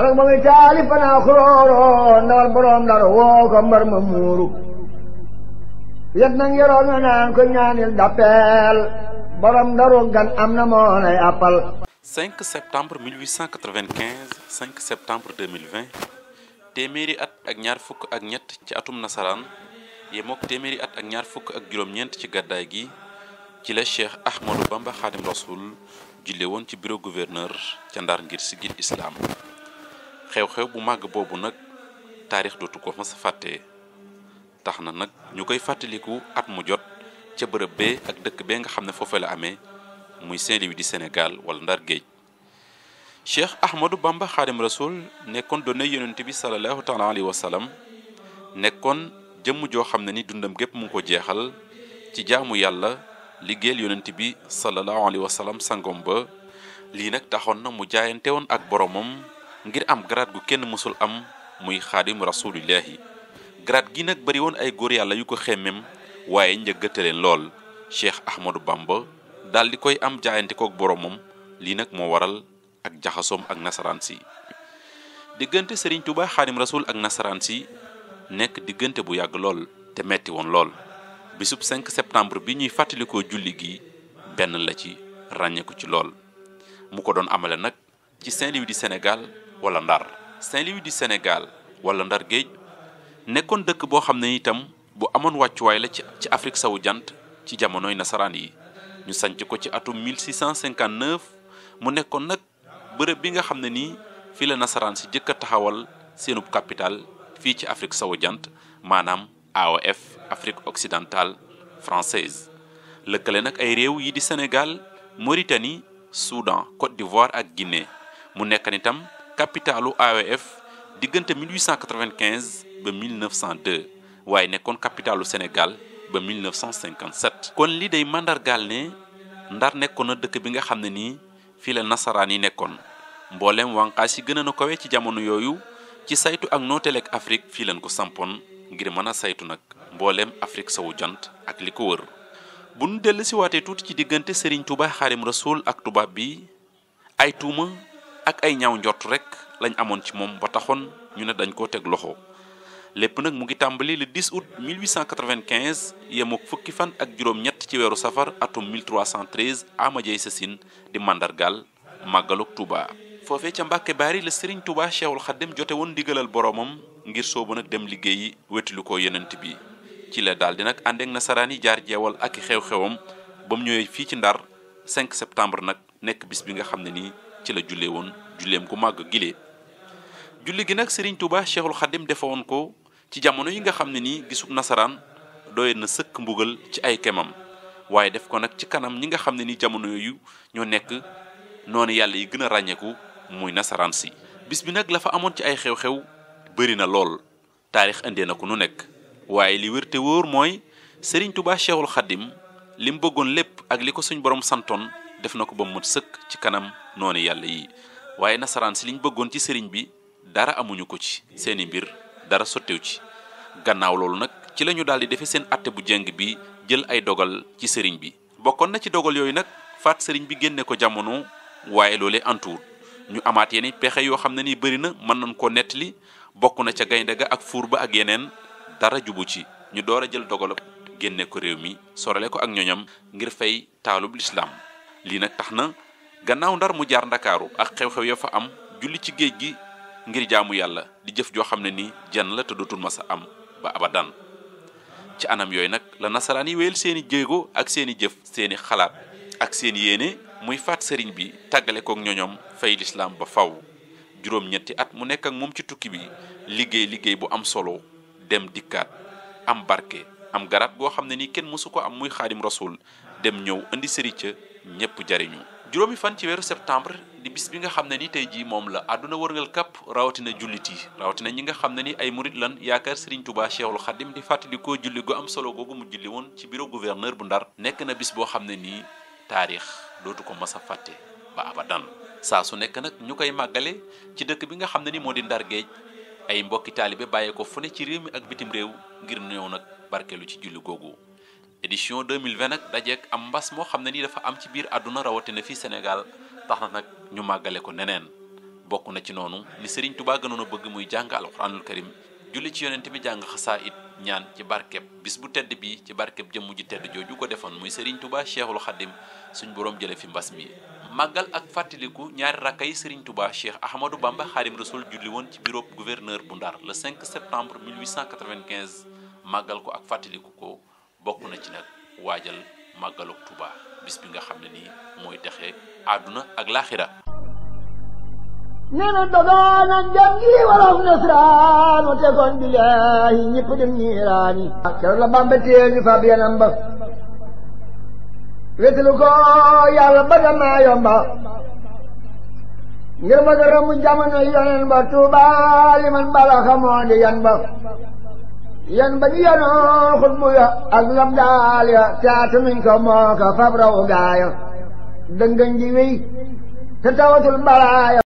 xamak ma ngi caali fanaa xuróoro ndawal boroom dar woo ko mbar ma muuru yet nang yoroon nga naan ko ñaanil dappeel boroom daru gan am na moo lay appal 5 septembre téeméeri at ak ñaar fukk ak ñett ci atum nasaraan yé mook téeméeri at ak ñaar fukk ak juróom-ñeent ci gàddaay gi ci la cheikh ahmadou bamba xaadim rasoul julle woon ci bureau gouverneur ca ndar ngir sigil islaam xew-xew bu màgg boobu nag taarix dootu ko mës a fàtte tax na nag ñu koy fàttaliku at mu jot ca bërëb bee ak dëkk bee nga xam ne foofee la amee muy Saint-Louis di Sénégal wala Ndar Géej Cheikh Ahmadou Bamba Xaadim Rasul nekkoon doone yonent bi salallaahu taala alayhi wa nekkoon jëmm joo xam ne ni dundam gépp mu ko jeexal ci jaamu yàlla liggéeyal yonent bi salallaahu alayhi wa sangoom ba lii nag taxoon na mu jaayante woon ak boromam ngir am grade gu kenn mësul am muy xaadim rasulillahi grade gi nag bariwoon ay góor yàlla yu ko xemmem waaye njëggataleen lool cheikh ahmadou bamba daal koy am jaayante kook boromam lii nag moo waral ak jaxasoom ak nasaraan si diggante sëriñ Touba xaadim rasul ak nasaraan si nekk diggante bu yàgg lool te metti woon lool bisub 5 bi ñuy fàttalikoo julli gi benn la ci ràññeeku ci lool mu ko doon amale nag ci Saint-Louis du Sénégal wala ndar Saint-Louis du Sénégal wala ndar géej nekkoon dëkk boo xam ne itam bu amoon wàccuwaay la ci ci Afrique sowu jant ci jamonoy nasaraan yi ñu sanc ko ci atum 1659 mu nekkoon nag bërëb bi nga xam ne nii fii la nasaraan si jëkk a taxawal seenub capital fii ci Afrique sowu jant maanaam AOF Afrique occidentale française lëkkale nag ay réew yi di Sénégal Mauritanie Soudan Côte d'Ivoire ak Guinée mu nekkan itam capitalu AOF diggante 1895 ba 1902 waaye nekkoon capitalu senegal ba 1957. kon li dey mandargaal ne ndar nekkoon na dëkk bi nga xam ne nii fii la nasaraan yi nekkoon mboolem wànqaas yi gën a kawe ci jamono yooyu ci saytu ak nooteleeg Afrique fii lañ ko sampoon ngir mën a saytu nag mboolem Afrique sowu jant ak li ko wër. bu nu dellu si waatee tuuti ci diggante Serigne Touba Xaadim Rasoul ak tubaab bi ay tuuma. ak ay ñaaw njort rek lañ amoon ci moom ba taxoon ñu ne dañ koo teg loxo lépp nag mu ngi tàmbali le 10 août 1895 yemook fukki fan ak juróom-ñett ci weeru safar atum 1313 sa Sasine di mandargaal màggaluk Touba. foofee ca Mbàkke Baari la Serigne Touba Cheikhul Khadim jote woon ndigalal boroomam ngir soobu nag dem liggéey yi wetilu ko yenent bi ci la daal di nag ànd na nasaraan yi jaar jeewal ak xew-xewam ba mu ñëwee fii ci Ndar 5 septembre nag nekk bis bi nga xam ne nii. ci la jullee woon julleem ku màgg gilee julli gi nag Serigne Touba Cheikhul Khadim defe woon ko ci jamono yi nga xam ne nii gisub nasaraan doy na sëkk mbugal ci ay kemam waaye def ko nag ci kanam ñi nga xam ne ni jamono yooyu ñoo nekk noonu yàlla yi gën a ràññeeku muy nasaraan si. bis bi nag la fa amoon ci ay xew-xew bëri na lool taarix indee na ko nu nekk waaye li wér te wóor mooy Serigne Touba Cheikhul Khadim li mu bëggoon lépp ak li ko suñ borom santoon. def na ko ba mu sëkk ci kanam noonu yàlla yi waaye nasaraan si liñ bëggoon ci sëriñ bi dara amuñu ko ci seeni mbir dara sottew ci gannaaw loolu nag ci la ñu daal di defee seen atte bu jéng bi jël ay dogal ci sëriñ bi bokkoon na ci dogal yooyu nag faat sëriñ bi génne ko jamono waaye loole antuwut ñu amaat yenn pexe yoo xam ne ni bëri na mën nañ koo nettali bokk na ca gaynde ga ak fuur ba ak yeneen dara jubu ci ñu door a jël dogalab génne ko réew mi sorale ko ak ñoñam ngir fay taalub lislaam lii nag tax na gannaaw ndar mu jaar ndakaaru ak xew-xew ya fa am julli ci géej gi ngir jaamu yàlla di jëf joo xam ne ni jenn la te dootul masa am ba abadan ci anam yooyu nag la nasaraan yi wéyal seeni jéego ak seeni jëf seeni xalaat ak seen yéene muy faat sëriñ bi tàggale kook ñoñom fay lislaam ba faw juróom ñetti at mu nekk ak moom ci tukki bi liggéey liggéey bu am solo dem dikkaat am barke am garaat goo xam ne ni kenn mësu ko am muy xaadim rasul dem ñëw indi sëriñ ñëpp jariñu juróomi fan ci weeru septembre di bis bi nga xam ne ni tey jii moom la àdduna wërngal kapp rawatina jullit yi rawatina ñi nga xam ne ni ay murit lan yaakaar Serigne Touba Cheikhul Khadim di fàttalikoo julli gu am solo googu mu julli woon ci bureau gouverneur bu Ndar nekk na bis boo xam ne nii taarix dootu ko mas a fàtte ba abadan saa su nekk nag ñu koy màggale ci dëkk bi nga xam ne ni moo di Ndar Géej ay mbokki taalibe bàyyee ko fu ne ci réew mi ak bitim réew ngir ñëw nag barkeelu ci julli googu édition 2020 nag dajeek am mbas moo xam ne nii dafa am ci biir àdduna rawatina fii senegal tax na nag ñu màggale ko neneen bokk na ci noonu li Serigne Touba gënoon bëgg muy jàng alxuraanul karim julli ci yonent bi jàng xasaa it ñaan ci barkeb bis bu tedd bi ci barkeb jëmm ji tedd jooju ko defoon muy Serigne Touba Cheikhul Khadim suñ borom jële fi mbas mi màggal ak fàttaliku ñaari rakka yi Serigne Touba Cheikh Ahmadou Bamba Xaadim Rasul julli woon ci bureau gouverneur bu Ndar le 5 septembre 1895 màggal ko ak fàttaliku ko bokk na ci nag waajal màggalu Tuubaa bis bi nga xam ne nii mooy texe àdduna ak laaxira nee na dogoonan jam nasraan mu tegoon billaahi ñëpp dem niiraani keroog la Bàmba fab yanam ba wétalu ko yàlla ba damaa yomba ngir ma dara mu jamono ba Tuubaa man bala di yan ba yan ba ñu yanoo xutbu ya ak daal ya te atanuñ ko moo fab raw gaaya dëngëñ ji wéy te balaaya